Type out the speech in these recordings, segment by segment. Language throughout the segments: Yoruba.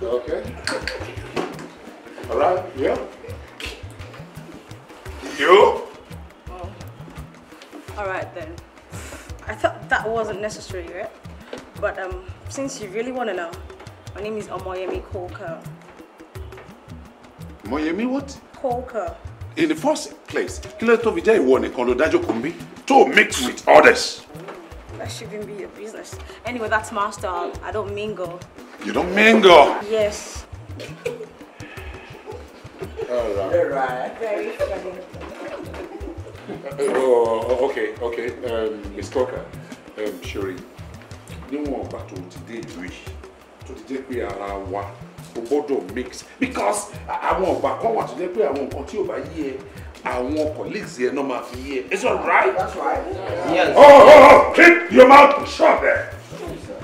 Okay. All right. Yeah. You? Oh. All right then. I thought that wasn't necessary, right? But um, since you really want to know, my name is Omoyemi Koka. Moyemi what? Kolka. In the first place, kí ló tó fi one. ìwọ nìkan dájọ́ kò tó mix with others. Mm -hmm. I shouldn't be your business. Anyway, that's my style. I don't mingle. You don't mingle? Yes. All right. Very funny. oh, okay, okay. Um, Miss Tucker, um, Sherry, you want back to dé ìlú To today ti jẹ́ pé ara wa mix because I want back wà tó jẹ́ pé àwọn nǹkan tí ò bá yí ẹ àwọn colleagues yẹn náà máa fi Is that right? That's right. Yes. Oh, oh, oh, keep your mouth shut there.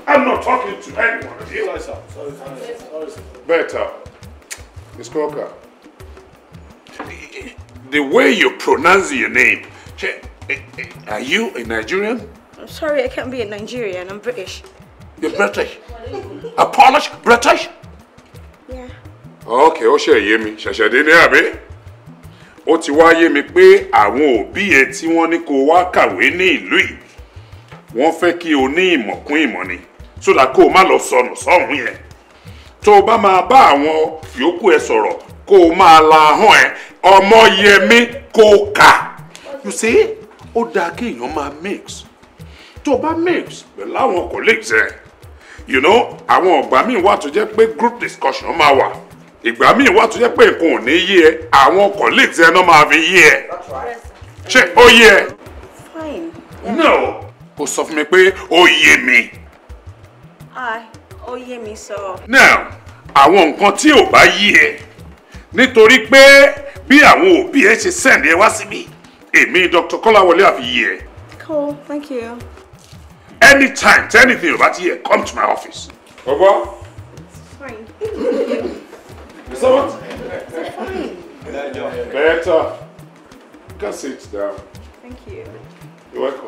I'm not talking to anyone of you. Sorry, sir. Sorry, sir. Better. Miss Croker. The way you pronounce your name, eh, eh, are you a Nigerian? I'm sorry, I can't be a Nigerian. I'm British. You're British? a Polish British? Yeah. Okay, Osha Yemi. Shashadini, Abby. ó ti wá yé mi pé àwọn òbí ẹ tí wọ́n ní kó wá kàwé ní ìlú yìí wọ́n fẹ́ kí o ní ìmọ̀ ìmọ̀ ni sódà kó o má lọ sọnù sọ́hún yẹn tó o bá máa bá àwọn yòókù ẹ sọ̀rọ̀ kó o máa la ahọ́n ẹ ọmọ yẹmí kó o kà you see ó dáa kí èèyàn máa mix tó o bá mix pẹ̀lú àwọn colleagues ẹ you know àwọn ọ̀gbà míì wà tó jẹ́ pé group discussion máa wà ìgbà míì wà tó yẹ pé nǹkan ò ní yé ẹ àwọn colleagues ẹ náà máa fi yé ẹ ṣé ó yé ẹ. no kò sọ fún mi pé ó yé mi. ó yé mi sọ. now àwọn nǹkan tí ò bá yé ẹ nítorí pé bí àwọn òbí ẹ ṣe send ẹ wá síbí èmi Dr. Kọ́láwọlé àfiyè ẹ. cool thank you. anytime tell anything about here come to my office. ọgbọ́n. fine. Better. Better. can sit down. Thank you. You're welcome.